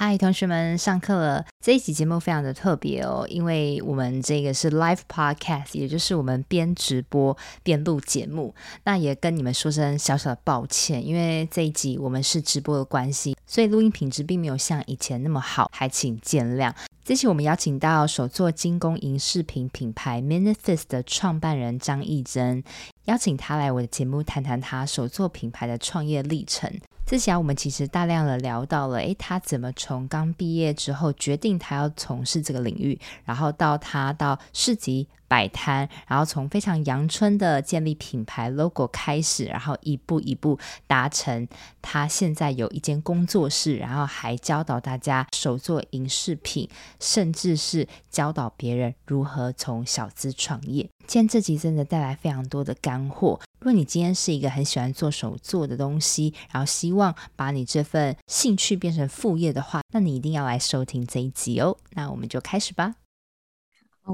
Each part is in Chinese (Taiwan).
嗨，同學們，上課了！這一集節目非常的特別哦，因為我們這個是 live podcast，也就是我們邊直播邊錄節目。那也跟你們說聲小小的抱歉，因為這一集我們是直播的關係，所以錄音品質並沒有像以前那麼好，還請見諒。這期我們邀請到手作金工銀飾品品牌 Minifeast 的創辦人張譯蓁，邀請他來我的節目談談他手作品牌的創業歷程。之前、啊、我們其實大量的聊到了，哎，他怎麼從剛畢業之後決定他要從事這個領域，然後到他到市集。擺攤，然後從非常陽春的建立品牌 logo 開始，然後一步一步達成他現在有一間工作室，然後還教導大家手作銀飾品，甚至是教導別人如何從小資創業。今天這集真的帶來非常多的干貨。如果你今天是一個很喜歡做手做的東西，然後希望把你這份興趣變成副業的話，那你一定要來收聽這一集哦。那我們就開始吧。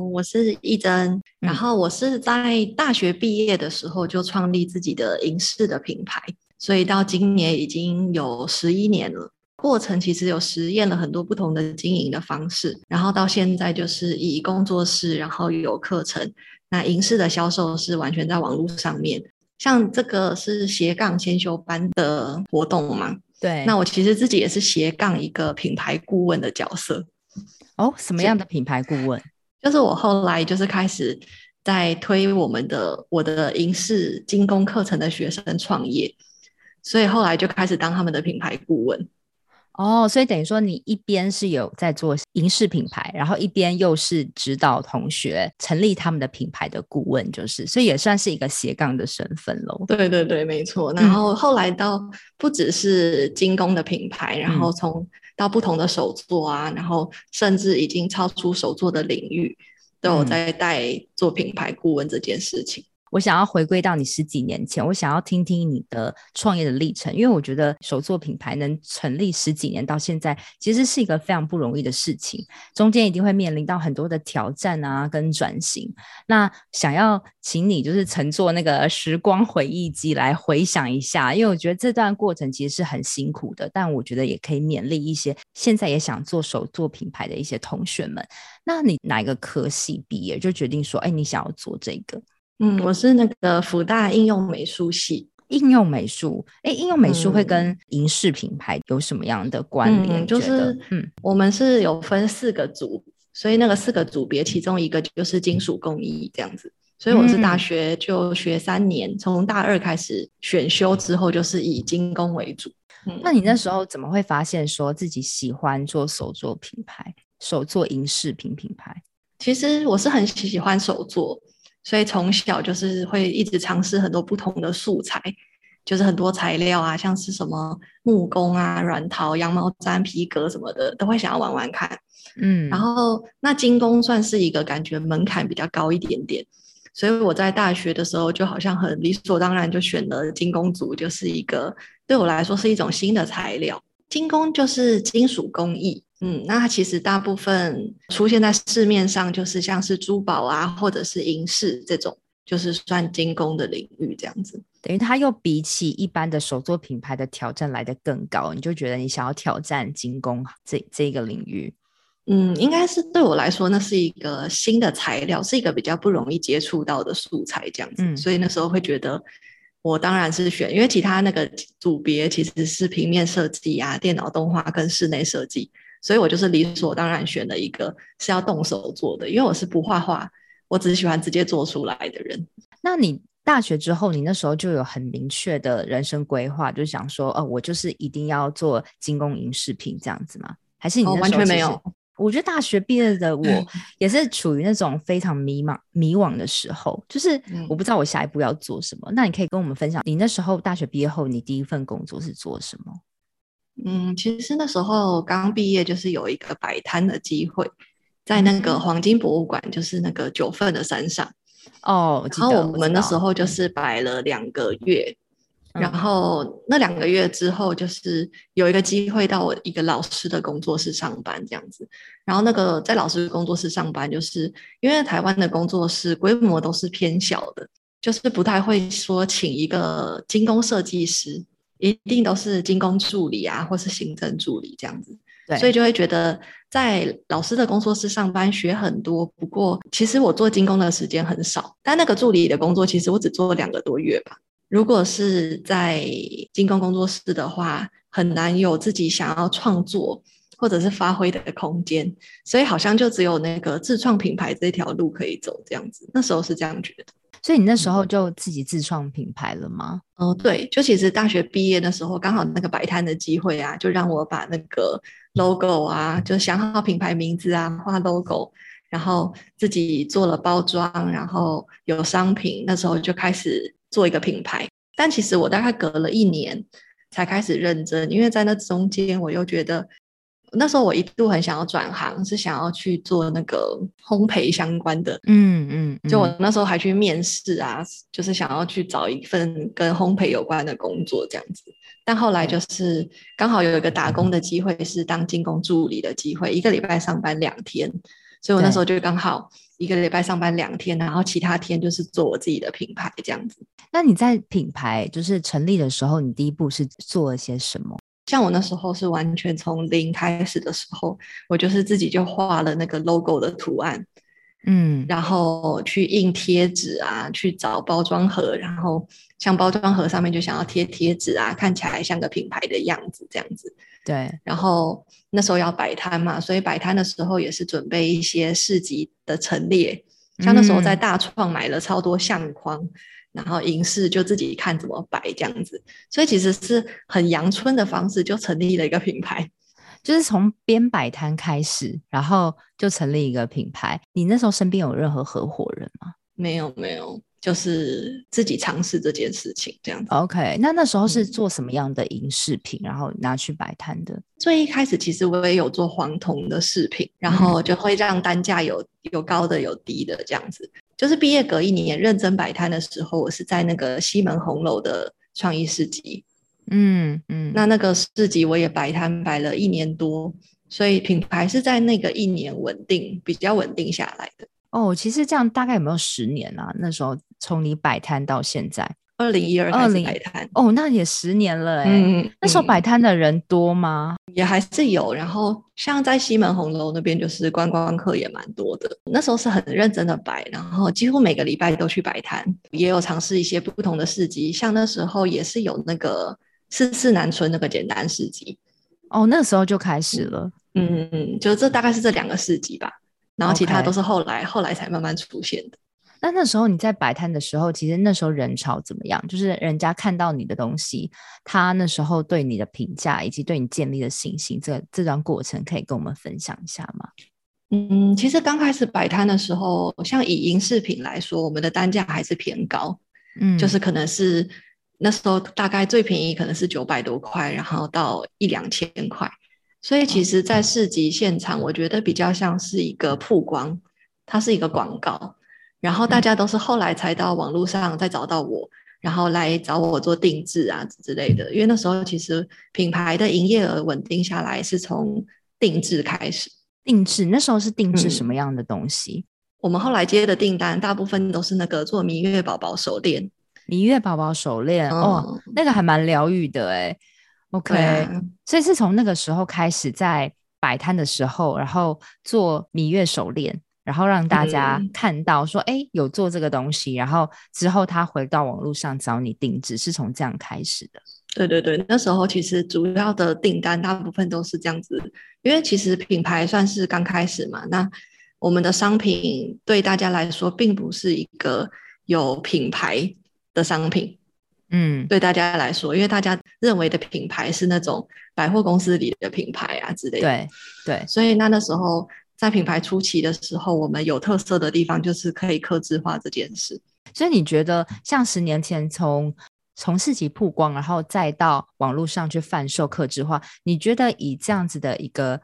我是譯蓁，然後我是在大學畢業的時候就創立自己的銀飾的品牌，所以到今年已經有十一年了。過程其實有實驗了很多不同的經營的方式，然後到現在就是以工作室，然後有課程。那銀飾的銷售是完全在網絡上面，像這個是斜槓先修班的活動嘛？對。那我其實自己也是斜槓一個品牌顧問的角色。哦，oh，什麼樣的品牌顧問？就是我後來就是開始在推我們的我的銀飾金工課程的學生創業，所以後來就開始當他們的品牌顧問。哦，所以等於說你一邊是有在做銀飾品牌，然後一邊又是指導同學成立他們的品牌的顧問，就是所以也算是一個斜槓的身份嘍。對對對，沒錯。然後後來到不只是金工的品牌，嗯、然後從。到不同的手作啊，然後甚至已經超出手作的領域，都有在帶做品牌顧問這件事情。嗯我想要回歸到你十幾年前，我想要聽聽你的創業的歷程，因為我覺得手作品牌能成立十幾年到現在，其實是一個非常不容易的事情，中間一定會面臨到很多的挑戰啊，跟轉型。那想要請你就是乘坐那個時光回憶機來回想一下，因為我覺得這段過程其實是很辛苦的，但我覺得也可以勉勵一些現在也想做手作品牌的一些同學們。那你哪一個科系畢業就決定說，哎，你想要做這個？嗯，我是那個輔大應用美術系應用美術。哎，應用美術、欸、會跟銀飾品牌有什麼樣的關聯、嗯？就是，嗯，我們是有分四個組，嗯、所以那個四個組別其中一個就是金屬工藝這樣子。所以我是大學就學三年，從、嗯、大二開始選修之後，就是以金工為主、嗯。那你那時候怎麼會發現說自己喜歡做手作品牌、手作銀飾品品牌？其實我是很喜喜歡手作。嗯所以從小就是會一直嘗試很多不同的素材，就是很多材料啊，像是什麼木工啊、軟陶、羊毛氈、皮革什麼的，都會想要玩玩看。嗯，然後那金工算是一個感覺門檻比較高一點點，所以我在大學的時候就好像很理所當然就選了金工組，就是一個對我來說是一種新的材料，金工就是金屬工藝。嗯，那它其實大部分出現在市面上，就是像是珠寶啊，或者是銀飾這種，就是算精工的領域這樣子。等於它又比起一般的手作品牌的挑戰來得更高，你就覺得你想要挑戰精工這這個領域。嗯，應該是對我來說，那是一個新的材料，是一個比較不容易接觸到的素材這樣子，嗯。所以那時候會覺得，我當然是選，因為其他那個組別其實是平面設計啊、電腦動畫跟室內設計。所以我就是理所當然選了一個是要動手做的，因為我是不畫畫，我只喜歡直接做出來的人。那你大學之後，你那時候就有很明確的人生規劃，就是想說，哦，我就是一定要做金工銀飾品這樣子嗎？還是你、哦、完全沒有？我覺得大學畢業的我也是處於那種非常迷茫、嗯、迷惘的時候，就是我不知道我下一步要做什麼。嗯、那你可以跟我們分享，你那時候大學畢業後，你第一份工作是做什麼？嗯，其實那時候剛畢業，就是有一個擺攤的機會，在那個黃金博物館、嗯，就是那個九份的山上哦。然後我們那時候就是擺了兩個月、嗯，然後那兩個月之後就是有一個機會到一個老師的工作室上班這樣子。然後那個在老師工作室上班，就是因為台灣的工作室規模都是偏小的，就是不太會說請一個金工設計師。一定都是金工助理啊，或是行政助理這樣子，對，所以就會覺得在老師的工作室上班學很多。不過其實我做金工的時間很少，但那個助理的工作其實我只做了兩個多月吧。如果是在金工工作室的話，很難有自己想要創作或者是發揮的空間，所以好像就只有那個自創品牌這條路可以走這樣子。那時候是這樣覺得。所以你那時候就自己自創品牌了嗎？嗯，對，就其實大學畢業的時候，剛好那個擺攤的機會啊，就讓我把那個 logo 啊，就想好品牌名字啊，畫 logo，然後自己做了包裝，然後有商品，那時候就開始做一個品牌。但其實我大概隔了一年才開始認真，因為在那中間我又覺得。那時候我一度很想要轉行，是想要去做那個烘焙相關的。嗯嗯，嗯，就我那時候還去面試啊，就是想要去找一份跟烘焙有關的工作這樣子。但後來就是剛好有一個打工的機會，是當金工助理的機會，嗯，一個禮拜上班兩天，所以我那時候就剛好一個禮拜上班兩天，然後其他天就是做我自己的品牌這樣子。那你在品牌就是成立的時候，你第一步是做了些什麼？像我那時候是完全從零開始的時候，我就是自己就畫了那個 logo 的圖案，嗯，然後去印貼紙啊，去找包裝盒，然後像包裝盒上面就想要貼貼紙啊，看起來還像個品牌的樣子這樣子。對。然後那時候要擺攤嘛，所以擺攤的時候也是準備一些市集的陳列，像那時候在大創買了超多相框。嗯嗯然後銀飾就自己看怎麼擺這樣子，所以其實是很陽春的方式就成立了一個品牌，就是從邊擺攤開始，然後就成立一個品牌。你那時候身邊有任何合夥人嗎？沒有，沒有，就是自己嘗試這件事情這樣子。OK，那那時候是做什麼樣的銀飾品，嗯，然後拿去擺攤的？最一開始其實我也有做黃銅的飾品，然後就會讓單價有有高的有低的這樣子。就是畢業隔一年也認真擺攤的時候，我是在那個西門紅樓的創意市集，嗯嗯，那那個市集我也擺攤擺了一年多，所以品牌是在那個一年穩定，比較穩定下來的。哦，其實這樣大概有沒有十年啊？那時候從你擺攤到現在。二零一二年擺攤哦，oh, 那也十年了哎、欸。嗯，那時候擺攤的人多嗎、嗯嗯？也還是有。然後像在西門紅樓那邊，就是觀光客也蠻多的。那時候是很認真的擺，然後幾乎每個禮拜都去擺攤，也有嘗試一些不同的市集，像那時候也是有那個四四南村那個簡單市集。哦、oh, 那時候就開始了。嗯嗯嗯，就這大概是這兩個市集吧，然後其他都是後來、okay. 後來才慢慢出現的。但那時候你在擺攤的時候，其實那時候人潮怎麼樣？就是人家看到你的東西，他那時候對你的評價以及對你建立的信心這，這這段過程可以跟我們分享一下嗎？嗯，其實剛開始擺攤的時候，像以銀飾品來說，我們的單價還是偏高，嗯，就是可能是那時候大概最便宜可能是九百多塊，然後到一兩千塊，所以其實，在市集現場，我覺得比較像是一個曝光，它是一個廣告。嗯然後大家都是後來才到網絡上再找到我，嗯，然後來找我做定製啊之類的。因為那時候其實品牌的營業額穩定下來是從定製開始。定製那時候是定製什麼樣的東西？嗯、我們後來接的訂單大部分都是那個做彌月寶寶手鏈。彌月寶寶手鏈、嗯、哦，那個還蠻療癒的哎。OK，啊、所以是從那個時候開始在擺攤的時候，然後做彌月手鏈。然後讓大家看到說，哎、嗯，有做這個東西，然後之後他回到網絡上找你定製，是從這樣開始的。對對對，那時候其實主要的訂單大部分都是這樣子，因為其實品牌算是剛開始嘛。那我們的商品對大家來說並不是一個有品牌的商品，嗯，對大家來說，因為大家認為的品牌是那種百貨公司裡的品牌啊之類的。對對，所以那那時候。在品牌初期的時候，我們有特色的地方就是可以客製化這件事。所以你覺得，像十年前從從市集曝光，然後再到網絡上去販售客製化，你覺得以這樣子的一個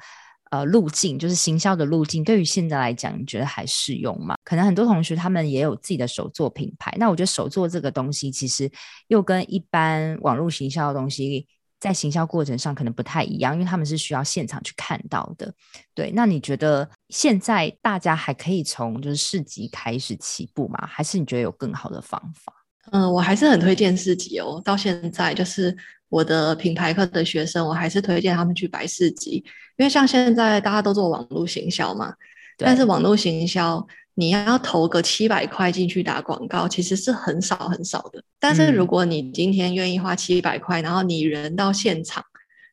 呃路徑，就是行銷的路徑，對於現在來講，你覺得還適用嗎？可能很多同學他們也有自己的手作品牌，那我覺得手作這個東西，其實又跟一般網絡行銷的東西。在行銷過程上可能不太一樣，因為他們是需要現場去看到的。對，那你覺得現在大家還可以從就是市集開始起步嗎？還是你覺得有更好的方法？嗯、呃，我還是很推薦市集哦。到現在就是我的品牌課的學生，我還是推薦他們去擺市集，因為像現在大家都做網絡行銷嘛，但是網絡行銷。你要投個七百塊進去打廣告，其實是很少很少的。但是如果你今天願意花七百塊，然後你人到現場，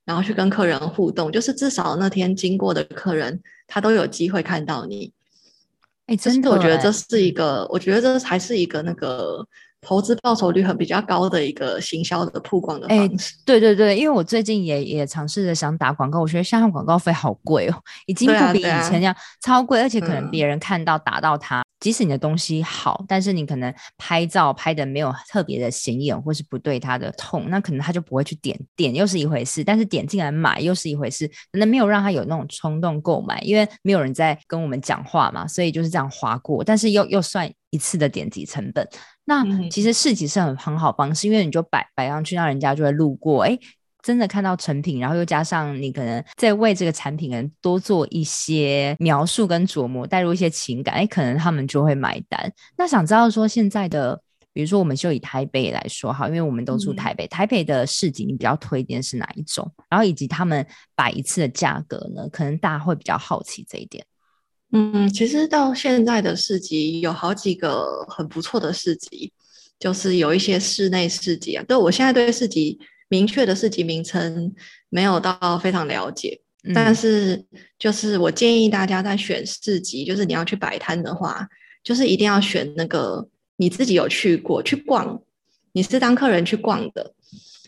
然後去跟客人互動，就是至少那天經過的客人，他都有機會看到你。哎，欸，真的哦，就是我覺得這是一個，我覺得這才是一個那個。投資報酬率很比較高的一個行銷的曝光的方式。欸、對對對，因為我最近也也嘗試着想打廣告，我覺得香港廣告費好貴哦，已經不比以前那樣。啊、超貴，而且可能別人看到打到他。嗯，即使你的東西好，但是你可能拍照拍得沒有特別的顯眼，或是不對他的痛，那可能他就不會去點，點又是一回事，但是點進來買又是一回事，那沒有讓他有那種衝動購買，因為沒有人在跟我們講話嘛，所以就是這樣滑過，但是又又算一次的點擊成本。那其實市集是很很好方式、嗯，因為你就擺擺上去，那人家就會路過，哎、欸，真的看到成品，然後又加上你可能在為這個產品可能多做一些描述跟琢磨，帶入一些情感，哎、欸，可能他們就會買單。那想知道說現在的，比如說我們就以台北來說哈，因為我們都住台北，嗯、台北的市集你比較推薦是哪一種？然後以及他們擺一次的價格呢？可能大家會比較好奇這一點。嗯，其實到現在的市集有好幾個很不錯的市集，就是有一些室內市集啊。對，我現在對市集明確的市集名稱沒有到非常了解，嗯，但是就是我建議大家在選市集，就是你要去擺攤的話，就是一定要選那個你自己有去過去逛，你是當客人去逛的。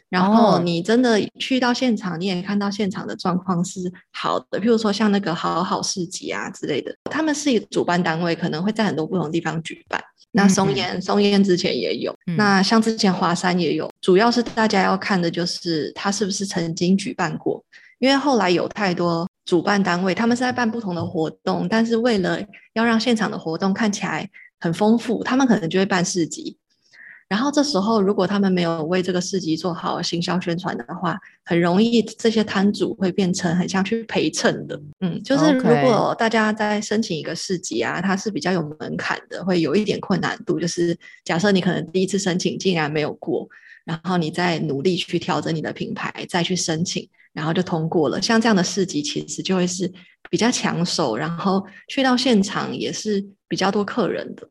然後你真的去到現場，你也看到現場的狀況是好的，oh. 譬如說像那個好好市集啊之類的，他們是一個主辦單位可能會在很多不同地方舉辦。那松菸 松菸之前也有，那像之前華山也有，主要是大家要看的就是他是不是曾經舉辦過，因為後來有太多主辦單位，他們是在辦不同的活動，但是為了要讓現場的活動看起來很豐富，他們可能就會辦市集。然後這時候，如果他們沒有為這個市集做好行銷宣傳的話，很容易這些攤主會變成很像去陪襯的。嗯，就是如果大家在申請一個市集啊，它是比較有門檻的，會有一點困難度。就是假設你可能第一次申請竟然沒有過，然後你再努力去調整你的品牌，再去申請，然後就通過了。像這樣的市集，其實就會是比較搶手，然後去到現場也是比較多客人的。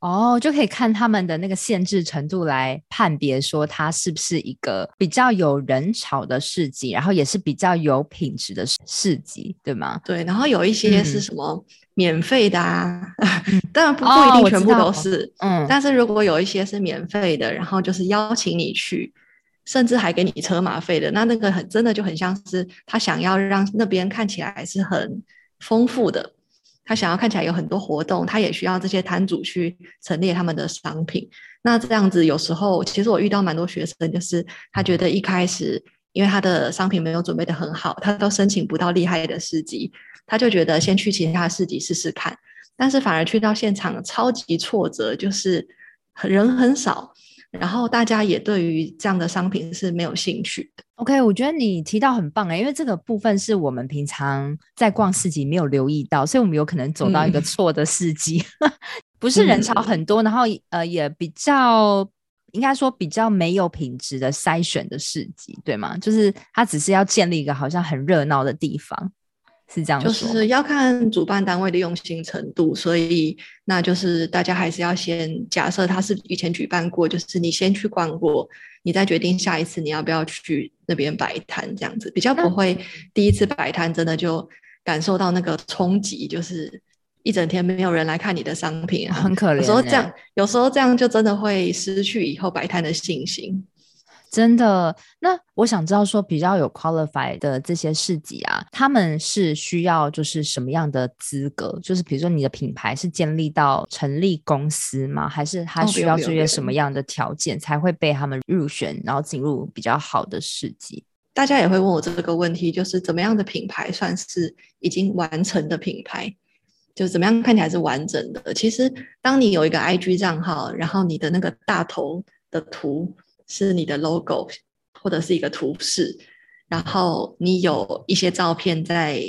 哦、oh,，就可以看他們的那個限制程度來判別，說它是不是一個比較有人潮的市集，然後也是比較有品質的市集，對嗎？對，然後有一些是什麼免費的啊，當然不不一定全部都是，嗯、oh,，但是如果有一些是免費的，嗯，然後就是邀請你去，甚至還給你車馬費的，那那個很真的就很像是他想要讓那邊看起來是很豐富的。他想要看起來有很多活動，他也需要這些攤主去陳列他們的商品。那這樣子有時候，其實我遇到蠻多學生，就是他覺得一開始因為他的商品沒有準備的很好，他都申請不到厲害的市集，他就覺得先去其他市集試試看。但是反而去到現場超級挫折，就是人很少。然後大家也對於這樣的商品是沒有興趣的。OK，我覺得你提到很棒哎、欸，因為這個部分是我們平常在逛市集沒有留意到，所以我們有可能走到一個錯的市集，嗯、 不是人潮很多，嗯、然後呃也比較應該說比較沒有品質的篩選的市集，對嗎？就是它只是要建立一個好像很熱鬧的地方。是這樣，就是要看主辦單位的用心程度，所以那就是大家還是要先假設他是以前舉辦過，就是你先去逛過，你再決定下一次你要不要去那邊擺攤這樣子，比較不會第一次擺攤真的就感受到那個衝擊，就是一整天沒有人來看你的商品啊，哦，很可憐。有時候這樣，有時候這樣就真的會失去以後擺攤的信心。真的？那我想知道，說比較有 qualified 的這些市集啊，他們是需要就是什麼樣的資格？就是比如說，你的品牌是建立到成立公司嗎？還是它需要這些什麼樣的條件才會被他們入選，然後進入比較好的市集？大家也會問我這個問題，就是怎麼樣的品牌算是已經完成的品牌？就是怎麼樣看起來是完整的？其實，當你有一個 IG 賬號，然後你的那個大頭的圖。是你的 logo 或者是一個圖示，然後你有一些照片在，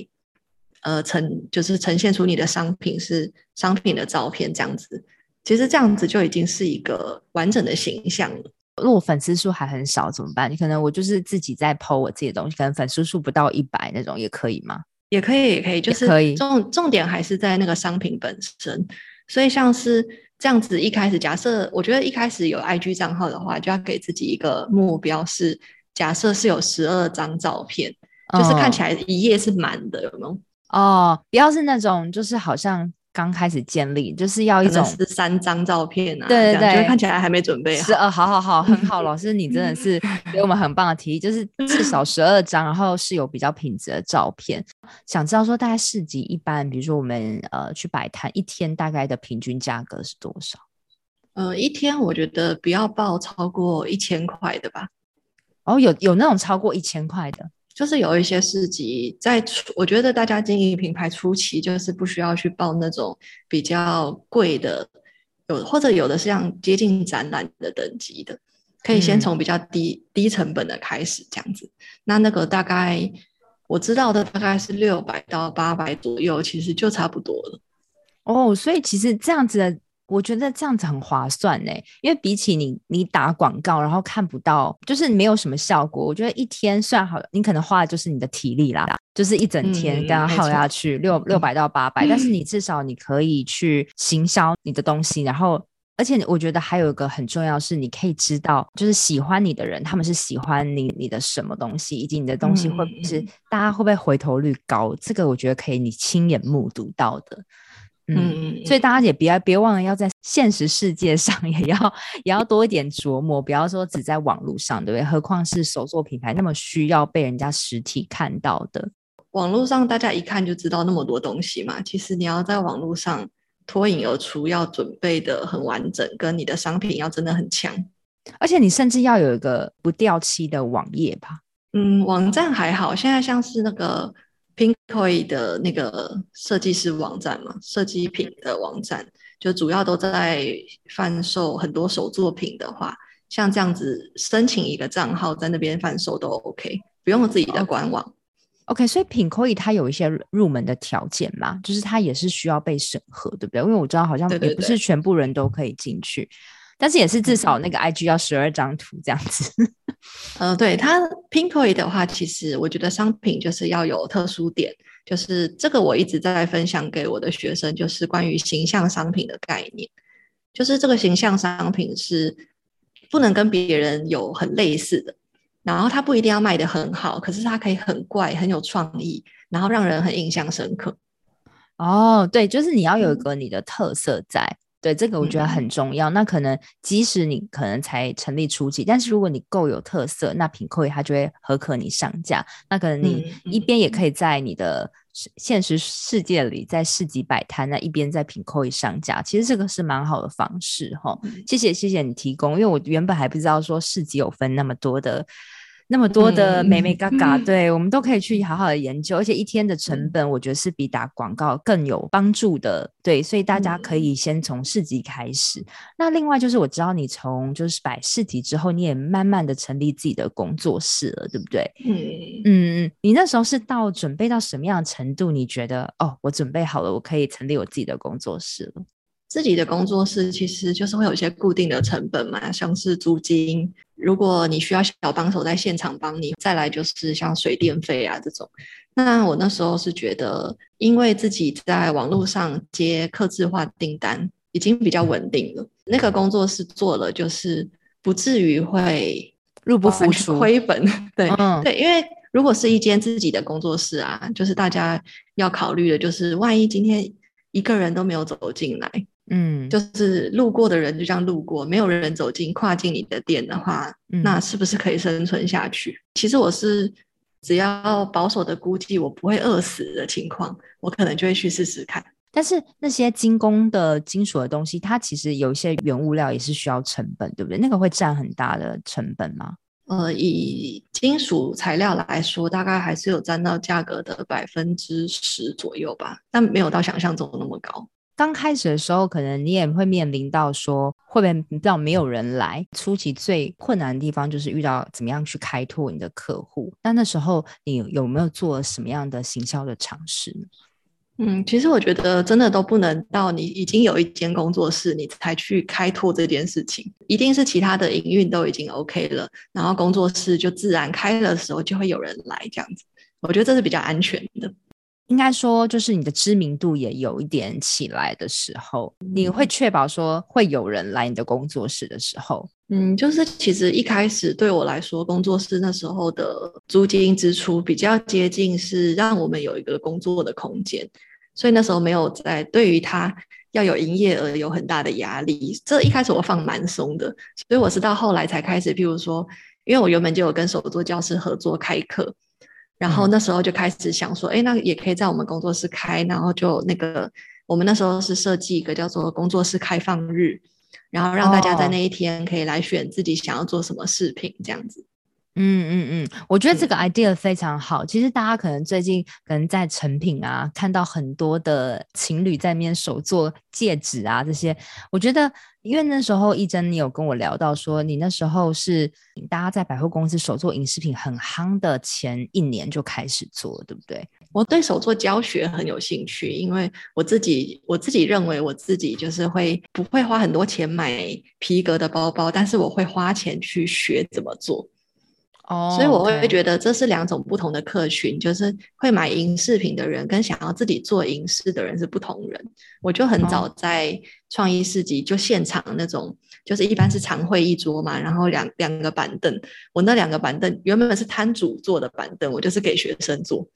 呃，呈就是呈現出你的商品是商品的照片這樣子，其實這樣子就已經是一個完整的形象了。那我粉絲數還很少怎麼辦？你可能我就是自己在 po 我自己的東西，可能粉絲數不到一百那種也可以嗎？也可以，也可以，就是可以。重重點還是在那個商品本身，所以像是。這樣子一開始，假設我覺得一開始有 IG 賬號的話，就要給自己一個目標，是假設是有十二張照片，哦，就是看起來一頁是滿的，有沒有？哦，不要是那種就是好像。剛開始建立就是要一種是三張照片啊？對對對，看起來還沒準備好。十二，呃，好好好，很好， 老師你真的是給我們很棒的提議，就是至少十二張， 然後是有比較品質的照片。想知道說大家市集一般，比如說我們呃去擺攤一天大概的平均價格是多少？呃，一天我覺得不要報超過一千塊的吧。哦，有有那種超過一千塊的。就是有一些市集，在初，我覺得大家經營品牌初期，就是不需要去報那種比較貴的，有或者有的是像接近展覽的等級的，可以先從比較低、嗯、低成本的開始這樣子。那那個大概我知道的大概是六百到八百左右，其實就差不多了。哦，所以其實這樣子的。我覺得這樣子很划算呢、欸，因為比起你你打廣告然後看不到，就是沒有什麼效果。我覺得一天算好，你可能花的就是你的體力啦，就是一整天剛剛耗下去六、嗯、六百到八百，嗯，但是你至少你可以去行銷你的東西，嗯、然後而且我覺得還有一個很重要是，你可以知道就是喜歡你的人他們是喜歡你你的什麼東西，以及你的東西會不會是、嗯、大家會不會回頭率高，這個我覺得可以你親眼目睹到的。嗯，嗯，所以大家也別、嗯、別忘了要在現實世界上也要也要多一點琢磨，不要說只在網絡上，對不對？何況是手作品牌，那麼需要被人家實體看到的。網絡上大家一看就知道那麼多東西嘛，其實你要在網絡上脫穎而出，要準備得很完整，跟你的商品要真的很強，而且你甚至要有一個不掉漆的網頁吧。嗯，網站還好，現在像是那個，Pinkoi 的那個設計師網站嘛，設計品的網站就主要都在販售很多手作品的話，像這樣子申請一個賬號在那邊販售都 OK，不用自己的官網。OK，所以 Pinkoi 它有一些入門的條件嘛，就是它也是需要被審核，對不對？因為我知道好像也不是全部人都可以進去。對對對但是也是至少那個 IG 要十二張圖這樣子，嗯，呃，對，它 Pinkoi 的話，其實我覺得商品就是要有特殊點，就是這個我一直在分享給我的學生，就是關於形象商品的概念，就是這個形象商品是不能跟別人有很類似的，然後它不一定要賣得很好，可是它可以很怪很有創意，然後讓人很印象深刻。哦，對，就是你要有一個你的特色在。對這個我覺得很重要、嗯。那可能即使你可能才成立初期，但是如果你夠有特色，那 Pinkoi 它就會合可你上架。那可能你一邊也可以在你的現實世界裡在市集擺攤，那一邊在 Pinkoi 上架。其實這個是蠻好的方式哈。謝謝、嗯、謝謝你提供，因為我原本還不知道說市集有分那麼多的。那麼多的美美嘎嘎。嗯、對我們都可以去好好的研究，嗯、而且一天的成本，我覺得是比打廣告更有幫助的、嗯。對，所以大家可以先從市集開始、嗯。那另外就是，我知道你從就是擺市集之後，你也慢慢的成立自己的工作室了，對不對？嗯嗯。你那時候是到準備到什麼樣的程度？你覺得哦，我準備好了，我可以成立我自己的工作室了。自己的工作室其實就是會有一些固定的成本嘛，像是租金，如果你需要小幫手在現場幫你，再來就是像水電費啊這種。那我那時候是覺得，因為自己在網絡上接客制化訂單已經比較穩定了，那個工作室做了就是不至於會入不敷出、虧、嗯、本。對對，因為如果是一間自己的工作室啊，就是大家要考慮的就是，萬一今天一個人都沒有走進來。嗯，就是路過的人就這樣路過，沒有人走進、跨進你的店的話，嗯，那是不是可以生存下去？其實我是只要保守的估計，我不會餓死的情況，我可能就會去試試看。但是那些金工的金屬的東西，它其實有一些原物料也是需要成本，對不對？那個會佔很大的成本嗎？呃，以金屬材料來說，大概還是有佔到價格的百分之十左右吧，但沒有到想象中那麼高。剛開始的時候，可能你也會面臨到說，會不會到沒有人來。初期最困難的地方就是遇到怎麼樣去開拓你的客戶。但那，那時候你有沒有做什麼樣的行銷的嘗試呢？嗯，其實我覺得真的都不能到你已經有一間工作室，你才去開拓這件事情。一定是其他的營運都已經 OK 了，然後工作室就自然開的時候，就會有人來這樣子。我覺得這是比較安全的。應該說，就是你的知名度也有一點起來的時候，你會確保說會有人來你的工作室的時候。嗯，就是其實一開始對我來說，工作室那時候的租金支出比較接近是讓我們有一個工作的空間，所以那時候沒有在對於他要有營業額有很大的壓力。這一開始我放蠻鬆的，所以我是到後來才開始，譬如說，因為我原本就有跟手作教室合作開課。然後那時候就開始想說，哎、嗯，那也可以在我們工作室開，然後就那個，我們那時候是設計一個叫做工作室開放日，然後讓大家在那一天可以來選自己想要做什麼飾品、哦、這樣子。嗯嗯嗯，我覺得這個 idea 非常好，嗯。其實大家可能最近可能在成品啊，看到很多的情侶在面手做戒指啊這些。我覺得，因為那時候譯蓁你有跟我聊到說，你那時候是大家在百貨公司手做銀飾品很夯的前一年就開始做了，對不對？我對手做教學很有興趣，因為我自己我自己認為我自己就是會不會花很多錢買皮革的包包，但是我會花錢去學怎麼做。哦、oh，所以我會覺得這是兩種不同的客群，就是會買銀飾品的人跟想要自己做銀飾的人是不同人。我就很早在創意市集就現場那種，oh. 就是一般是常會一桌嘛，oh. 然後兩兩個板凳。我那兩個板凳原本是攤主坐的板凳，我就是給學生坐。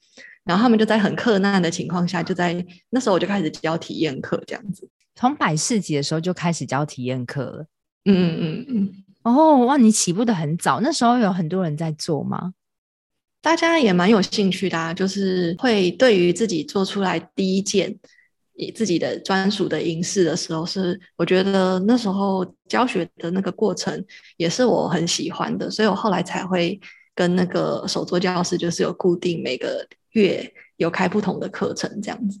然後他們就在很克難的情況下，就在那時候我就開始教體驗課這樣子。從擺市集的時候就開始教體驗課了。嗯嗯嗯。嗯然、oh, 後哇，你起步得很早，那時候有很多人在做嗎？大家也蠻有興趣的、啊，就是會對於自己做出來第一件以自己的專屬的銀飾的時候是，是我覺得那時候教學的那個過程也是我很喜歡的，所以我後來才會跟那個手作教室，就是有固定每個月有開不同的課程這樣子。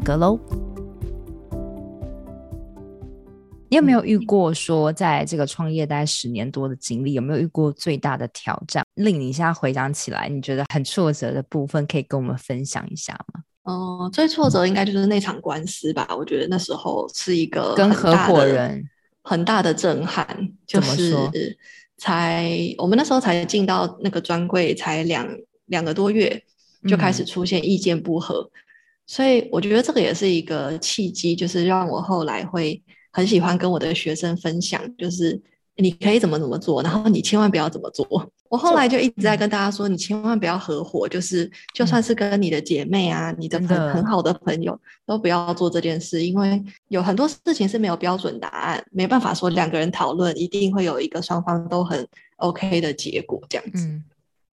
價格嘍。你有沒有遇過說，在這個創業待十年多的經歷，有沒有遇過最大的挑戰？令你現在回想起來，你覺得很挫折的部分，可以跟我們分享一下嗎？哦、呃，最挫折應該就是那場官司吧。嗯、我覺得那時候是一個跟合夥人很大的震撼，就是說才我們那時候才進到那個專櫃才兩兩個多月，就開始出現意見不合。嗯所以我覺得這個也是一個契機，就是讓我後來會很喜歡跟我的學生分享，就是你可以怎麼怎麼做，然後你千萬不要怎麼做。我後來就一直在跟大家說，你千萬不要合夥，嗯、就是就算是跟你的姐妹啊、嗯、你的很好的朋友，都不要做這件事，因為有很多事情是沒有標準答案，沒辦法說兩個人討論一定會有一個雙方都很 OK 的結果這樣子。嗯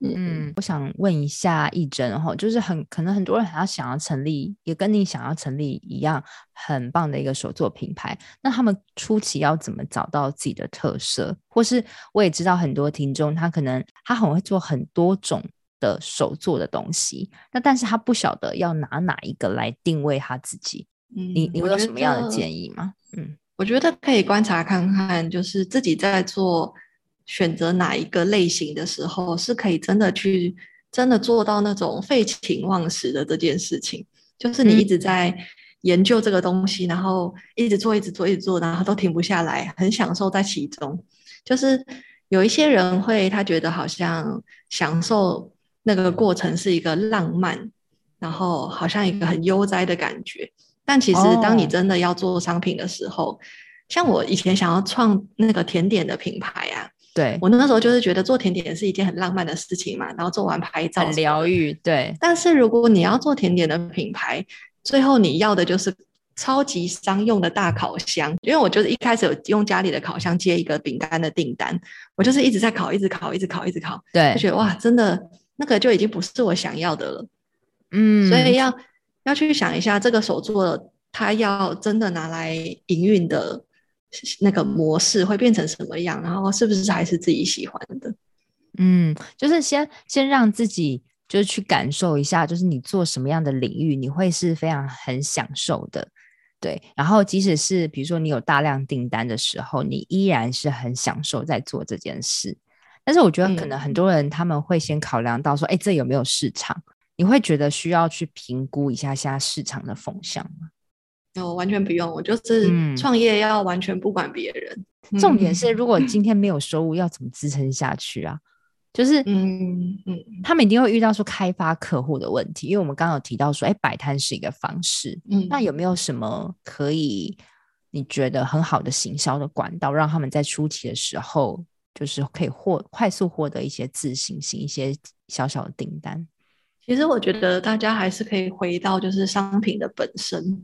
嗯，我想問一下譯蓁哈，就是很可能很多人他想要成立，也跟你想要成立一樣很棒的一個手作品牌。那他們初期要怎麼找到自己的特色？或是我也知道很多聽眾，他可能他很會做很多種的手作的東西，那但是他不曉得要拿哪一個來定位他自己。嗯，你你有什麼樣的建議嗎？嗯，我覺得可以觀察看看，就是自己在做。選擇哪一個類型的時候，是可以真的去真的做到那種廢寢忘食的這件事情，就是你一直在研究這個東西，然後一直做，一直做，一直做，然後都停不下來，很享受在其中。就是有一些人會，他覺得好像享受那個過程是一個浪漫，然後好像一個很悠哉的感覺，但其實當你真的要做商品的時候，像我以前想要創那個甜點的品牌啊。對，我那時候就是覺得做甜點是一件很浪漫的事情嘛，然後做完拍照很療癒，對。但是如果你要做甜點的品牌，最後你要的就是超級商用的大烤箱，因為我就是一開始有用家裡的烤箱接一個餅乾的訂單，我就是一直在烤，一直烤，一直烤，一直烤，對，就覺得哇，真的那個就已經不是我想要的了，嗯。所以要要去想一下這個手作，他要真的拿來營運的。那個模式會變成什麼樣？然後是不是還是自己喜歡的？嗯，就是先先讓自己就是去感受一下，就是你做什麼樣的領域，你會是非常很享受的。對，然後即使是比如說你有大量訂單的時候，你依然是很享受在做這件事。但是我覺得可能很多人他們會先考量到說，哎、嗯欸，這有沒有市場？你會覺得需要去評估一下現在市場的風向嗎？我、哦、完全不用，我就是創業要完全不管別人、嗯嗯。重點是，如果今天沒有收入，嗯、要怎麼支撐下去啊？就是，嗯嗯，他們一定會遇到說開發客戶的問題，因為我們剛剛有提到說，哎、欸，擺攤是一個方式。嗯，那有沒有什麼可以你覺得很好的行銷的管道，讓他們在初期的時候，就是可以獲快速獲得一些自信心、一些小小的訂單？其實我覺得大家還是可以回到就是商品的本身。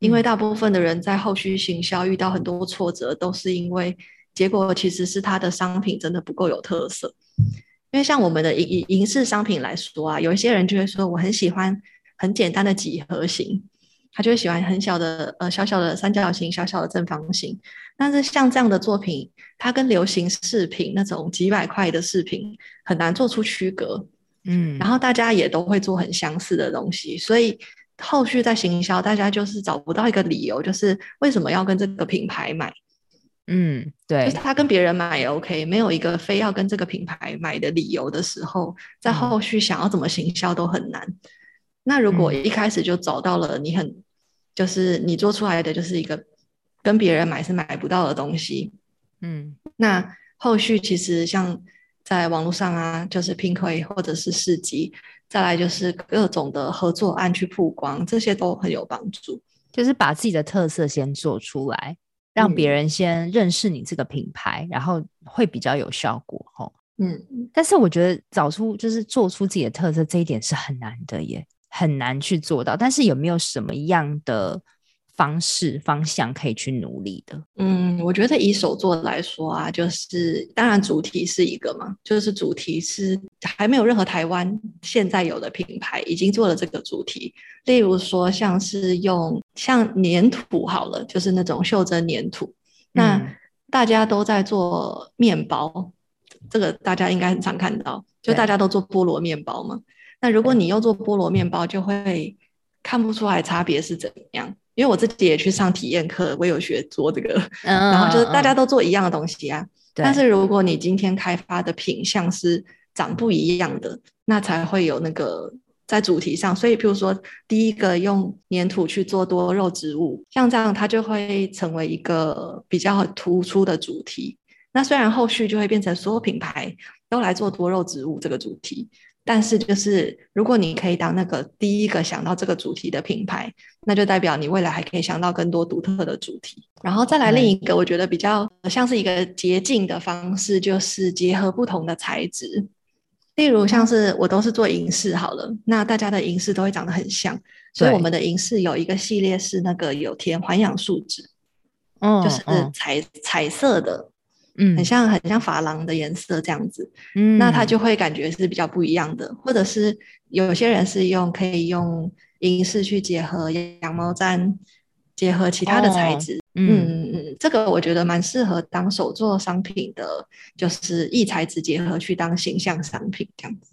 因為大部分的人在後續行銷遇到很多挫折，都是因為結果其實是他的商品真的不夠有特色。因為像我們的銀銀銀飾商品來說啊，有一些人就會說我很喜歡很簡單的幾何形，他就會喜歡很小的呃小小的三角形、小小的正方形。但是像這樣的作品，它跟流行飾品那種幾百塊的飾品很難做出區隔。嗯，然後大家也都會做很相似的東西，所以。後續在行銷，大家就是找不到一個理由，就是為什麼要跟這個品牌買。嗯，對，就是、他跟別人買也 OK，沒有一個非要跟這個品牌買的理由的時候，在後續想要怎麼行銷都很難。嗯、那如果一開始就找到了，你很，嗯、就是你做出來的就是一個跟別人買是買不到的東西。嗯，那後續其實像。在網絡上啊，就是拼 K 或者是市集，再來就是各種的合作案去曝光，這些都很有幫助。就是把自己的特色先做出來，讓別人先認識你這個品牌，嗯、然後會比較有效果。嗯，但是我覺得找出就是做出自己的特色，這一點是很難的耶，也很難去做到。但是有沒有什麼樣的方式、方向可以去努力的？嗯，我覺得以手作來說啊，就是當然主題是一個嘛，就是主題是還沒有任何台灣現在有的品牌已經做了這個主題。例如說，像是用像黏土，好了，就是那種袖珍黏土。嗯，那大家都在做麵包，這個大家應該很常看到，就大家都做菠蘿麵包嘛。那如果你又做菠蘿麵包，就會看不出來差別是怎樣。因為我自己也去上體驗課，我有學做這個，oh, 然後就是大家都做一樣的東西啊。對。但是如果你今天開發的品項是長不一樣的，那才會有那個在主題上。所以，譬如說第一個用粘土去做多肉植物，像這樣，它就會成為一個比較突出的主題。那雖然後續就會變成所有品牌都來做多肉植物這個主題。但是就是，如果你可以當那個第一個想到這個主題的品牌，那就代表你未來還可以想到更多獨特的主題。然後再來另一個，我覺得比較像是一個捷徑的方式，就是結合不同的材質。例如像是我都是做銀飾好了，那大家的銀飾都會長得很像，所以我們的銀飾有一個系列是那個有填環氧樹脂，哦、嗯，就是彩、嗯、彩色的。嗯，很像很像珐琅的顏色這樣子，嗯，那他就會感覺是比較不一樣的，或者是有些人是用可以用銀飾去結合羊毛氈，結合其他的材質，嗯、哦、嗯，這個我覺得蠻適合當手作商品的，就是異材質結合去當形象商品這樣子。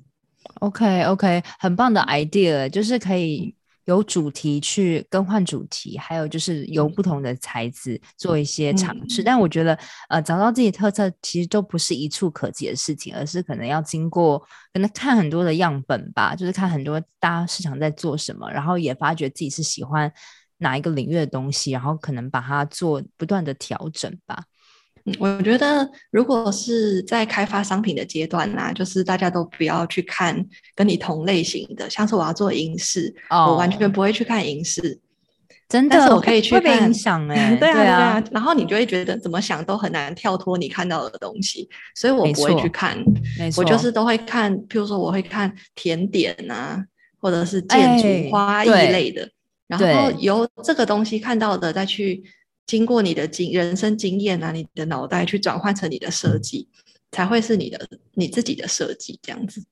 OK OK，很棒的 idea，就是可以。有主題去更換主題，還有就是由不同的材質做一些嘗試，嗯。但我覺得，呃，找到自己特色其實都不是一蹴可幾的事情，而是可能要經過可能看很多的樣本吧，就是看很多大市場在做什麼，然後也發覺自己是喜歡哪一個領域的東西，然後可能把它做不斷的調整吧。我覺得，如果是在開發商品的階段呢、啊，就是大家都不要去看跟你同類型的。像是我要做銀飾，oh. 我完全不會去看銀飾，真的。但是我可以去看，會被影響，欸、 對啊，啊，對啊。然後你就會覺得怎麼想都很難跳脫你看到的東西，所以我不會去看。沒錯。我就是都會看，譬如說我會看甜點啊，或者是建築、花藝類的，欸。然後由這個東西看到的再去。經過你的經人生經驗啊，你的腦袋去轉換成你的設計，嗯、才會是你的你自己的設計這樣子。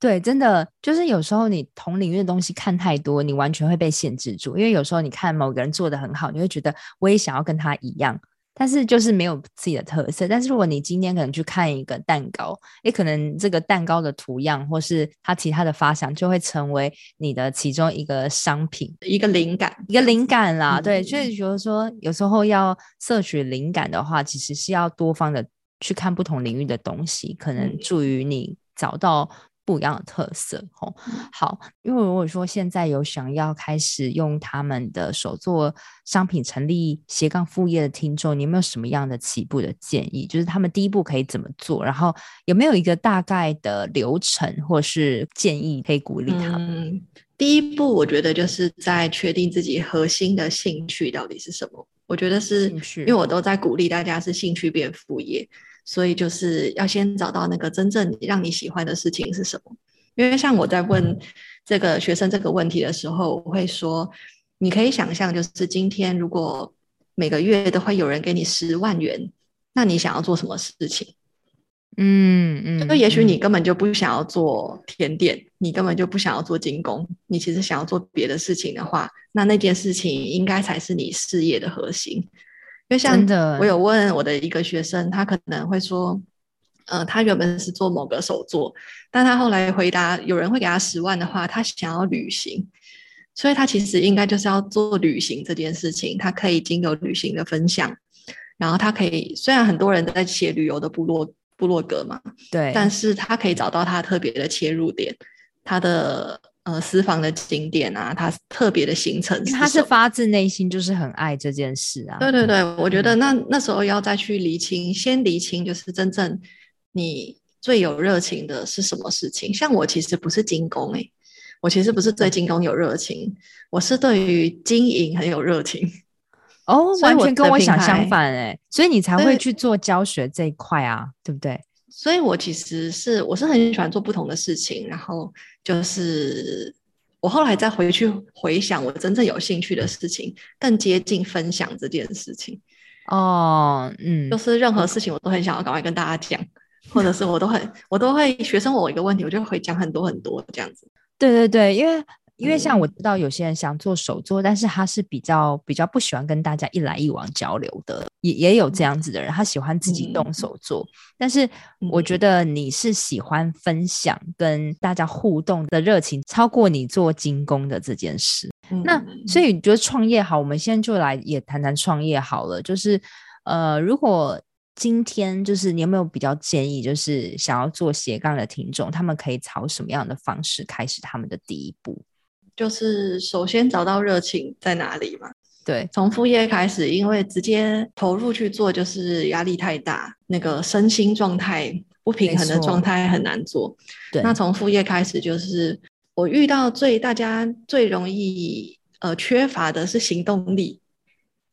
對，真的就是有時候你同領域的東西看太多，你完全會被限制住。因為有時候你看某個人做得很好，你會覺得我也想要跟他一樣。但是就是沒有自己的特色。但是如果你今天可能去看一個蛋糕，也可能這個蛋糕的圖樣或是它其他的發想，就會成為你的其中一個商品，一個靈感。一個靈感啦，嗯。對，所以比如說，有時候要攝取靈感的話，其實是要多方的去看不同領域的東西，可能助於你找到。不一樣的特色哦、嗯，好，因為如果說現在有想要開始用他們的手做商品成立斜槓副業的聽眾，你有沒有什麼樣的起步的建議？就是他們第一步可以怎麼做？然後有沒有一個大概的流程或是建議可以鼓勵他們、嗯。第一步，我覺得就是在確定自己核心的興趣到底是什麼。我覺得是興趣，因為我都在鼓勵大家是興趣變副業。所以就是要先找到那個真正讓你喜歡的事情是什麼。因為像我在問這個學生這個問題的時候，嗯、我會說，你可以想象，就是今天如果每個月都會有人給你十萬元，那你想要做什麼事情？嗯嗯。那也許你根本就不想要做甜點、嗯，你根本就不想要做金工，你其實想要做別的事情的話，那那件事情應該才是你事業的核心。就像我有問我的一個學生，他可能會說，嗯、呃，他原本是做某個手作，但他後來回答，有人會給他十萬的話，他想要旅行，所以他其實應該就是要做旅行這件事情，他可以經由旅行的分享，然後他可以雖然很多人都在寫旅遊的部落部落格嘛，對，但是他可以找到他特別的切入點，他的。呃，私房的景點啊，他特別的行程，他是發自內心就是很愛這件事啊。對對對，嗯、我覺得那那時候要再去釐清，嗯、先釐清就是真正你最有熱情的是什麼事情。像我其實不是金工誒、欸，我其實不是對金工有熱情、嗯，我是對於經營很有熱情。哦， 完全跟我想相反誒、欸，所以你才會去做教學這一塊啊對，對不對？所以，我其實是我是很喜歡做不同的事情，然後就是我後來再回去回想，我真正有興趣的事情，更接近分享這件事情。哦，嗯，就是任何事情我都很想要趕快跟大家講，或者是我都很 我都會學生問我一個問題，我就會講很多很多這樣子。對對對，因為。因為像我知道有些人想做手作，但是他是比較比較不喜歡跟大家一來一往交流的，也也有這樣子的人，他喜歡自己動手做，嗯。但是我覺得你是喜歡分享跟大家互動的熱情，超過你做金工的這件事。嗯、那所以你覺得創業好，我們現在就來也談談創業好了。就是呃，如果今天就是你有沒有比較建議，就是想要做斜槓的聽眾，他們可以朝什麼樣的方式開始他們的第一步？就是首先找到熱情在哪裡嘛？對，從副業開始，因為直接投入去做就是壓力太大，那個身心狀態不平衡的狀態很難做。對，那從副業開始，就是我遇到最大家最容易呃缺乏的是行動力。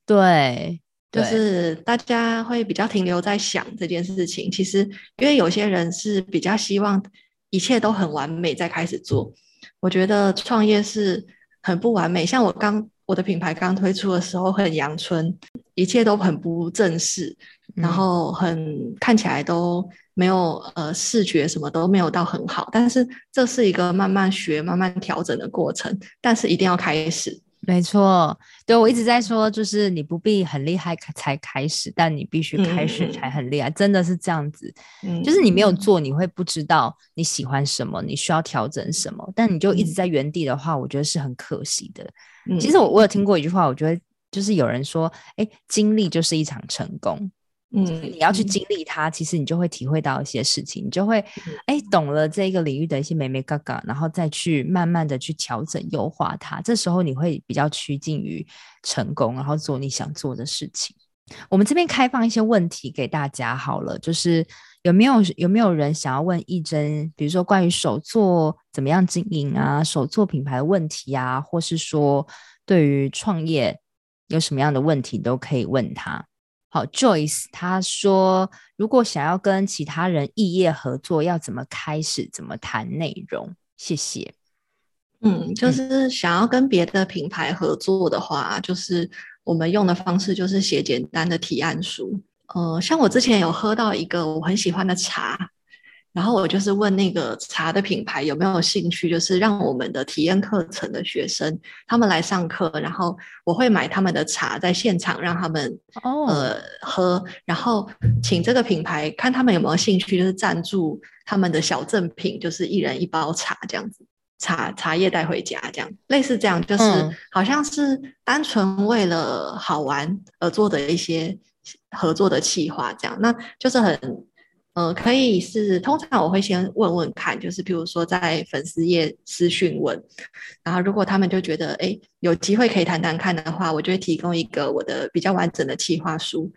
對。對，就是大家會比較停留在想這件事情，其實因為有些人是比較希望一切都很完美再開始做。我覺得創業是很不完美，像我剛我的品牌剛推出的時候很陽春，一切都很不正式，嗯、然後很看起來都沒有呃視覺什麼都沒有到很好，但是這是一個慢慢學、慢慢調整的過程，但是一定要開始。沒錯，對，我一直在說，就是你不必很厲害才開始，但你必須開始才很厲害、嗯，真的是這樣子、嗯。就是你沒有做，你會不知道你喜歡什麼，你需要調整什麼、嗯。但你就一直在原地的話，嗯、我覺得是很可惜的。嗯、其實我我有聽過一句話，我覺得就是有人說，哎、欸，經歷就是一場成功。嗯、就是，你要去經歷它、嗯，其實你就會體會到一些事情，嗯、你就會哎、欸、懂了這個領域的一些眉眉角角，然後再去慢慢的去調整優化它。這時候你會比較趨近於成功，然後做你想做的事情。我們這邊開放一些問題給大家好了，就是有沒有有沒有人想要問譯蓁，比如說關於手作怎麼樣經營啊，手作品牌的問題啊，或是說對於創業有什麼樣的問題都可以問他。好，Joyce，他說，如果想要跟其他人異業合作，要怎麼開始？怎麼談內容？謝謝。嗯，就是想要跟別的品牌合作的話，嗯，就是我們用的方式就是寫簡單的提案書。呃，像我之前有喝到一個我很喜歡的茶。然後我就是問那個茶的品牌有沒有興趣，就是讓我們的體驗課程的學生他們來上課，然後我會買他們的茶在現場讓他們哦、呃 oh. 喝，然後請這個品牌看他們有沒有興趣，就是贊助他們的小贈品，就是一人一包茶這樣子，茶茶葉帶回家這樣，類似這樣，就是好像是單純為了好玩而做的一些合作的企劃這樣，那就是很。呃，可以是，通常我會先問問看，就是比如說在粉絲頁私訊問，然後如果他們就覺得哎有機會可以談談看的話，我就會提供一個我的比較完整的企劃書，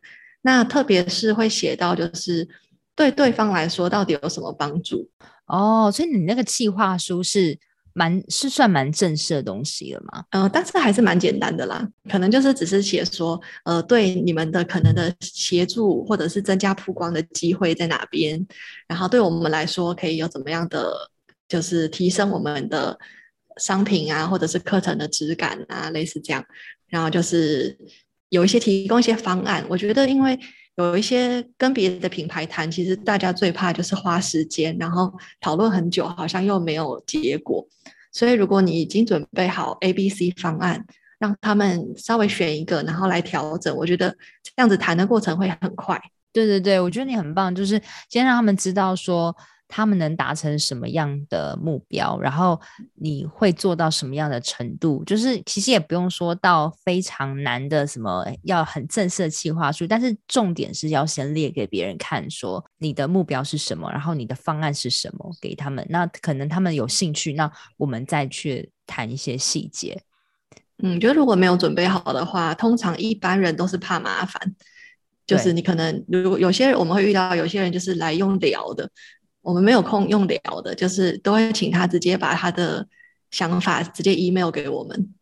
那特別是會寫到就是對對方來說到底有什麼幫助。哦，所以你那個企劃書是。蠻是算蠻正式的東西了嗎？嗯、呃，但是還是蠻簡單的啦，可能就是只是寫說，呃，對你們的可能的協助或者是增加曝光的機會在哪邊，然後對我們來說可以有怎麼樣的，就是提升我們的商品啊，或者是課程的質感啊，類似這樣，然後就是有一些提供一些方案，我覺得因為。有一些跟別的品牌談，其實大家最怕就是花時間，然後討論很久，好像又沒有結果。所以如果你已經準備好 A、B、C 方案，讓他們稍微選一個，然後來調整，我覺得這樣子談的過程會很快。對對對，我覺得你很棒，就是先讓他們知道說。他們能達成什麼樣的目標，然後你會做到什麼樣的程度？就是其實也不用說到非常難的什麼，要很正式的計劃書。但是重點是要先列給別人看，說你的目標是什麼，然後你的方案是什麼，給他們。那可能他們有興趣，那我們再去談一些細節。嗯，覺得如果沒有準備好的話，通常一般人都是怕麻煩。就是你可能如果有些人我們會遇到，有些人就是來用聊的。我們沒有空用聊的，就是都會請他直接把他的想法直接 email 給我們，嗯、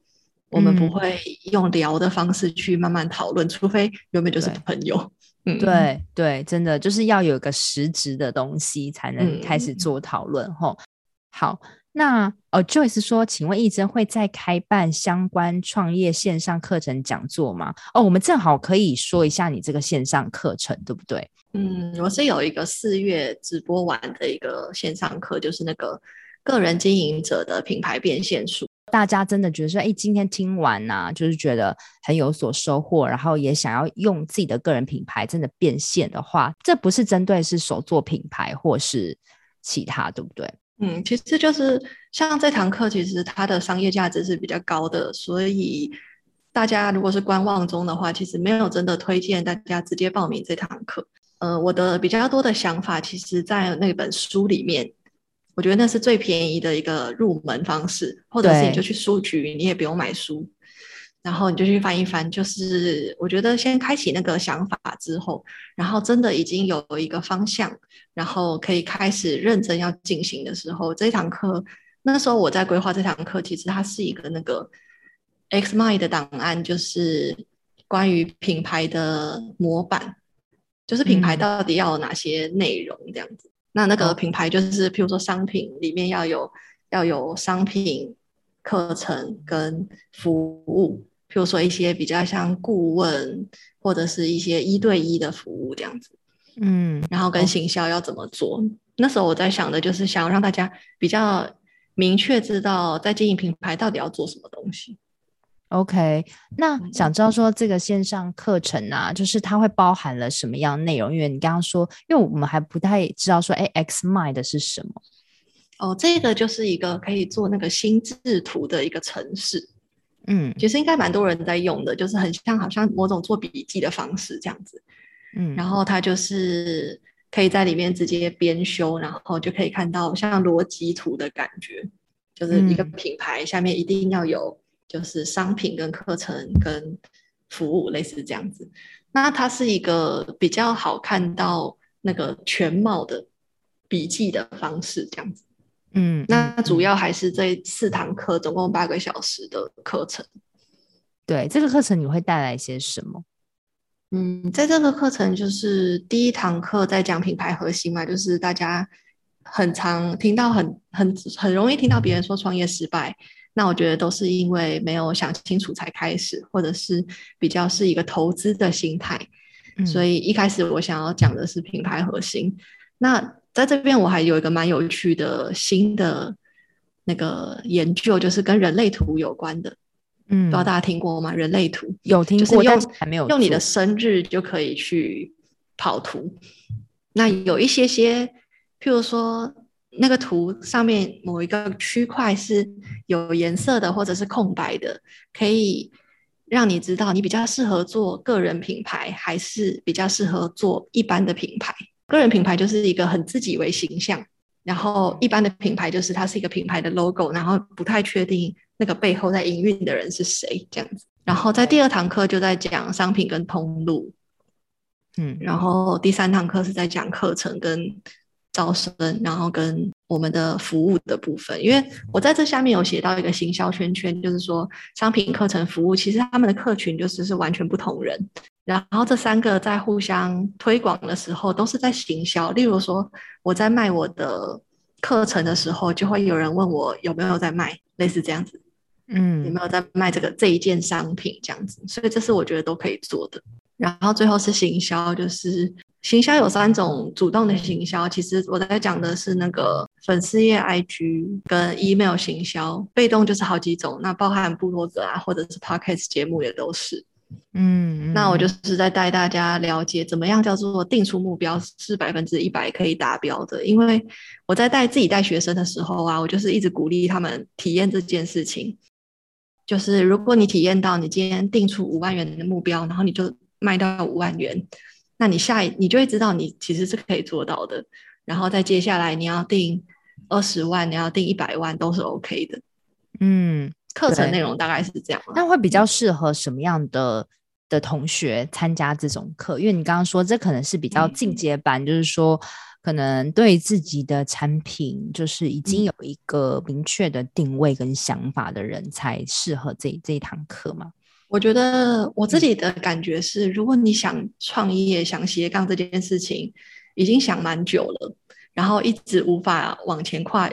我們不會用聊的方式去慢慢討論，除非原本就是朋友。對、嗯、對，對,真的就是要有個實質的東西才能開始做討論、嗯。吼，好。那呃、哦、Joyce 說，請問譯蓁會在開辦相關創業線上課程講座嗎？哦，我們正好可以說一下你這個線上課程，對不對？嗯，我是有一個四月直播完的一個線上課，就是那個個人經營者的品牌變現術。大家真的覺得說，哎、欸，今天聽完呢、啊，就是覺得很有所收穫，然後也想要用自己的個人品牌真的變現的話，這不是針對是手作品牌或是。其他對不對？嗯，其實就是像這堂課，其實它的商業價值是比較高的，所以大家如果是觀望中的話，其實沒有真的推薦大家直接報名這堂課。呃，我的比較多的想法，其實，在那本書裡面，我覺得那是最便宜的一個入門方式，或者是你就去書局，你也不用買書。然後你就去翻一翻，就是我覺得先開啟那個想法之後，然後真的已經有一個方向，然後可以開始認真要進行的時候，這一堂課，那時候我在規劃這堂課，其實它是一個那個 Xmind 的檔案，就是關於品牌的模板，就是品牌到底要有哪些內容、嗯、這樣子。那那個品牌就是，嗯、譬如說商品裡面要有要有商品、課程跟服務。比如說一些比較像顧問，或者是一些一對一的服務這樣子，嗯，然後跟行銷要怎麼做、嗯？那時候我在想的就是想讓大家比較明確知道，在經營品牌到底要做什麼東西。OK，那想知道說這個線上課程啊，就是它會包含了什麼樣內容？因為你剛剛說，因為我們還不太知道說，哎、欸、，Xmind 的是什麼？哦，這個就是一個可以做那個心智圖的一個程式。嗯，其實應該蠻多人在用的，就是很像好像某種做筆記的方式這樣子，嗯，然後它就是可以在裡面直接編修，然後就可以看到像邏輯圖的感覺，就是一個品牌下面一定要有就是商品跟課程跟服務類似這樣子，那它是一個比較好看到那個全貌的筆記的方式這樣子。嗯，那主要還是這四堂課，總共八個小時的課程。對，這個課程你會帶來些什麼？嗯，在這個課程就是第一堂課在講品牌核心嘛，就是大家很常聽到很很很容易聽到別人說創業失敗。嗯，那我覺得都是因為沒有想清楚才開始，或者是比較是一個投資的心態。嗯，所以一開始我想要講的是品牌核心。那在這邊，我還有一個蠻有趣的新的那個研究，就是跟人類圖有關的。嗯，不知道大家聽過嗎？人類圖，有聽過，就是、用但還沒有用你的生日就可以去跑圖。那有一些些，譬如說，那個圖上面某一個區塊是有顏色的，或者是空白的，可以讓你知道你比較適合做個人品牌，還是比較適合做一般的品牌。個人品牌就是一個很自己為形象，然後一般的品牌就是它是一個品牌的 logo，然後不太確定那個背後在營運的人是誰這樣子。然後在第二堂課就在講商品跟通路，嗯，然後第三堂課是在講課程跟招生，然後跟我們的服務的部分。因為我在這下面有寫到一個行銷圈圈，就是說商品、課程、服務，其實他們的客群就是是完全不同人。然後這三個在互相推廣的時候，都是在行銷。例如說，我在賣我的課程的時候，就會有人問我有沒有在賣類似這樣子，嗯，有沒有在賣這個這一件商品這樣子。所以這是我覺得都可以做的。然後最後是行銷，就是行銷有三種，主動的行銷。其實我在講的是那個粉絲頁、IG 跟 Email 行銷。被動就是好幾種，那包含部落格啊，或者是 Podcast 節目也都是。嗯，嗯，那我就是在帶大家了解怎麼樣叫做定出目標是百分之一百可以達標的，因為我在帶自己帶學生的時候啊，我就是一直鼓勵他們體驗這件事情。就是如果你體驗到你今天定出五萬元的目標，然後你就賣到五萬元，那你下一你就會知道你其實是可以做到的。然後再接下來你要定二十萬，你要定一百萬都是 OK 的。嗯。課程內容大概是這樣，那會比較適合什麼樣的、嗯、的同學參加這種課？因為你剛剛說，這可能是比較進階版、嗯，就是說可能對自己的產品就是已經有一個明確的定位跟想法的人才適合這、嗯、這一堂課嘛？我覺得我自己的感覺是，如果你想創業、嗯、想斜槓這件事情，已經想蠻久了，然後一直無法往前跨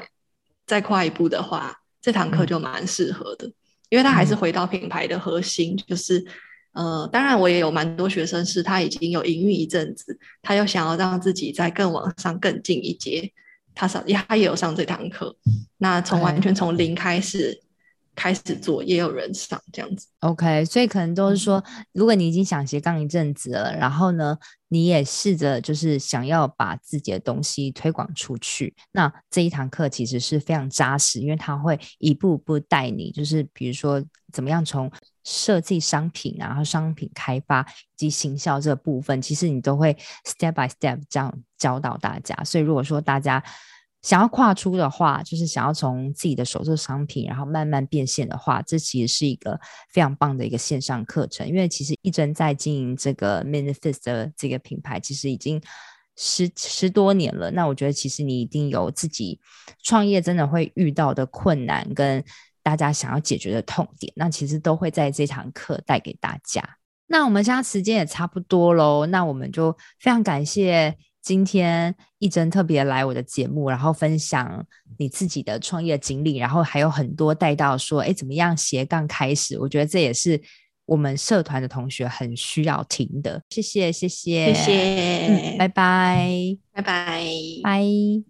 再跨一步的話。這堂課就蠻適合的，嗯、因為他還是回到品牌的核心、嗯，就是，呃，當然我也有蠻多學生是他已經有營運一陣子，他又想要讓自己在更往上更進一階，他上他也有上這堂課，那從完全從零開始。嗯嗯開始做也有人上這樣子，OK，所以可能都是說，嗯、如果你已經想斜槓一陣子了，然後呢，你也試着就是想要把自己的東西推廣出去，那這一堂課其實是非常扎實，因為它會一步一步帶你，就是比如說怎麼樣從設計商品、啊，然後商品開發及行銷這部分，其實你都會 step by step 這樣教導大家。所以如果說大家。想要跨出的話，就是想要從自己的手做商品，然後慢慢變現的話，這其實是一個非常棒的一個線上課程。因為其實譯蓁在經營這個 Minifeast 這個品牌，其實已經十十多年了。那我覺得其實你一定有自己創業真的會遇到的困難，跟大家想要解決的痛點，那其實都會在這堂課帶給大家。那我們現在時間也差不多嘍，那我們就非常感謝。今天譯蓁特別來我的節目，然後分享你自己的創業經歷，然後還有很多帶到說，哎、欸，怎麼樣斜槓開始？我覺得這也是我們社團的同學很需要聽的。謝謝，謝謝，謝謝，嗯、拜拜，拜拜，拜、拜。Bye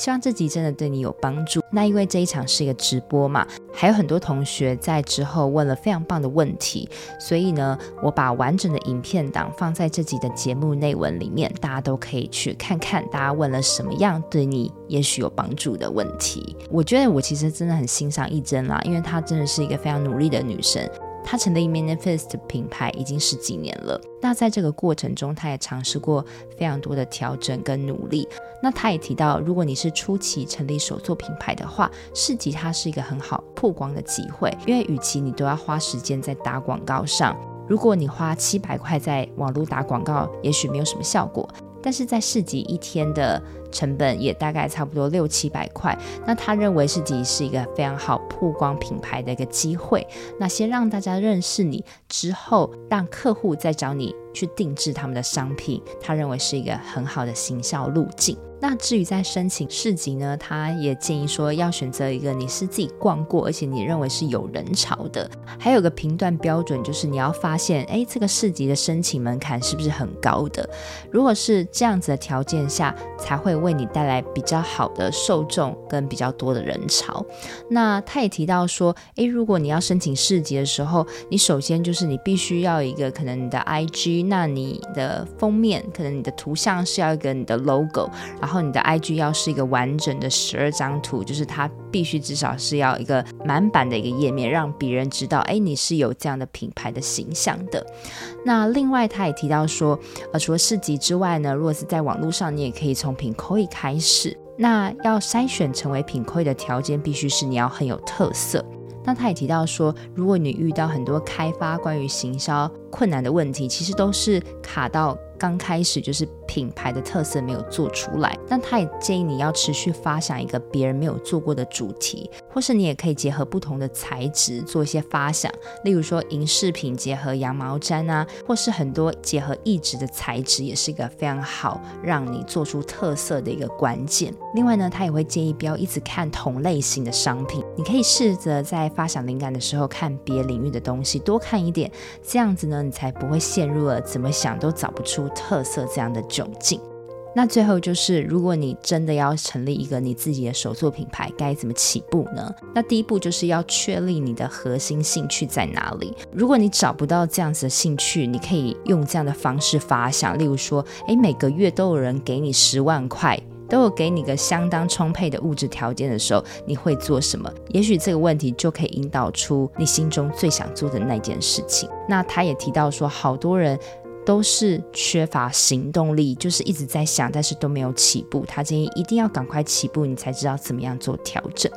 希望這集真的對你有幫助。那因為這一場是一個直播嘛，還有很多同學在之後問了非常棒的問題，所以呢，我把完整的影片檔放在這集的節目內文裡面，大家都可以去看看大家問了什麼樣對你也許有幫助的問題。我覺得我其實真的很欣賞譯蓁啦，因為她真的是一個非常努力的女生。他成立 Minifeast 品牌已經十幾年了，那在這個過程中，他也嘗試過非常多的調整跟努力。那他也提到，如果你是初期成立手作品牌的話，市集它是一個很好曝光的機會，因為與其你都要花時間在打廣告上，如果你花七百塊在網路打廣告，也許沒有什麼效果，但是在市集一天的成本也大概差不多六七百塊，那他認為自己是一個非常好曝光品牌的一個機會，那先讓大家認識你，之後讓客戶再找你。去定製他們的商品，他認為是一個很好的行銷路徑。那至於在申請市集呢，他也建議說要選擇一個你是自己逛過，而且你認為是有人潮的。還有一個評斷標準就是你要發現，哎，這個市集的申請門檻是不是很高的？如果是這樣子的條件下，才會為你帶來比較好的受眾跟比較多的人潮。那他也提到說，哎，如果你要申請市集的時候，你首先就是你必須要一個可能你的 IG。那你的封面可能你的圖像是要一個你的 logo，然後你的 IG 要是一個完整的十二張圖，就是它必須至少是要一個滿版的一個頁面，讓別人知道，哎，你是有這樣的品牌的形象的。那另外他也提到說，呃，除了市集之外呢，如果是在網絡上，你也可以從品 k o 開始。那要篩選成為品 k 的條件，必須是你要很有特色。那他也提到說，如果你遇到很多開發關於行銷困難的問題，其實都是卡到剛開始就是，品牌的特色沒有做出來，但他也建議你要持續發想一個別人沒有做過的主題，或是你也可以結合不同的材質做一些發想，例如說銀飾品結合羊毛氈啊，或是很多結合異質的材質，也是一個非常好讓你做出特色的一個關鍵。另外呢，他也會建議不要一直看同類型的商品，你可以試着在發想靈感的時候看別領域的東西，多看一點，這樣子呢，你才不會陷入了怎麼想都找不出特色這樣的。途徑。那最後就是，如果你真的要成立一個你自己的手作品牌，該怎麼起步呢？那第一步就是要確立你的核心興趣在哪裡。如果你找不到這樣子的興趣，你可以用這樣的方式發想，例如說，誒，每個月都有人給你十萬塊，都有給你個相當充沛的物質條件的時候，你會做什麼？也許這個問題就可以引導出你心中最想做的那件事情。那他也提到說，好多人。都是缺乏行動力，就是一直在想，但是都沒有起步。他建議一定要趕快起步，你才知道怎麼樣做調整。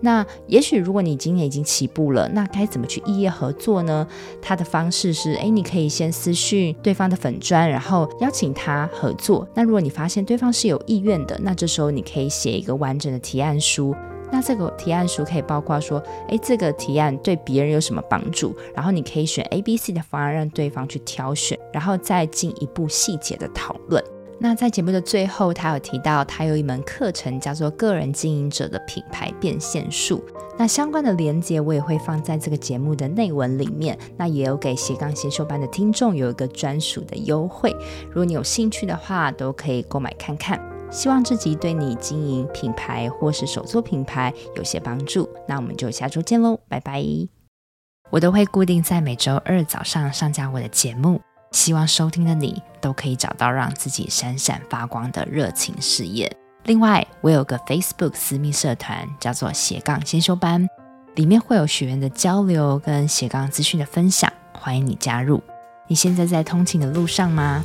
那也許如果你今年已經起步了，那該怎麼去異業合作呢？他的方式是：哎，你可以先私訊對方的粉專，然後邀請他合作。那如果你發現對方是有意願的，那這時候你可以寫一個完整的提案書。那這個提案書可以包括說，哎，這個提案對別人有什麼幫助？然後你可以選 A、B、C 的方案讓對方去挑選，然後再進一步細節的討論。那在節目的最後，他有提到他有一門課程叫做《個人經營者的品牌變現術》，那相關的連結我也會放在這個節目的內文裡面。那也有給斜槓先修班的聽眾有一個專屬的優惠，如果你有興趣的話，都可以購買看看。希望自己對你經營品牌或是手作品牌有些幫助，那我們就下周見嘍，拜拜！我都會固定在每周二早上上架我的節目，希望收聽的你都可以找到讓自己閃閃發光的熱情事業。另外，我有個 Facebook 私密社團，叫做斜槓先修班，裡面會有學員的交流跟斜槓資訊的分享，歡迎你加入。你現在在通勤的路上嗎？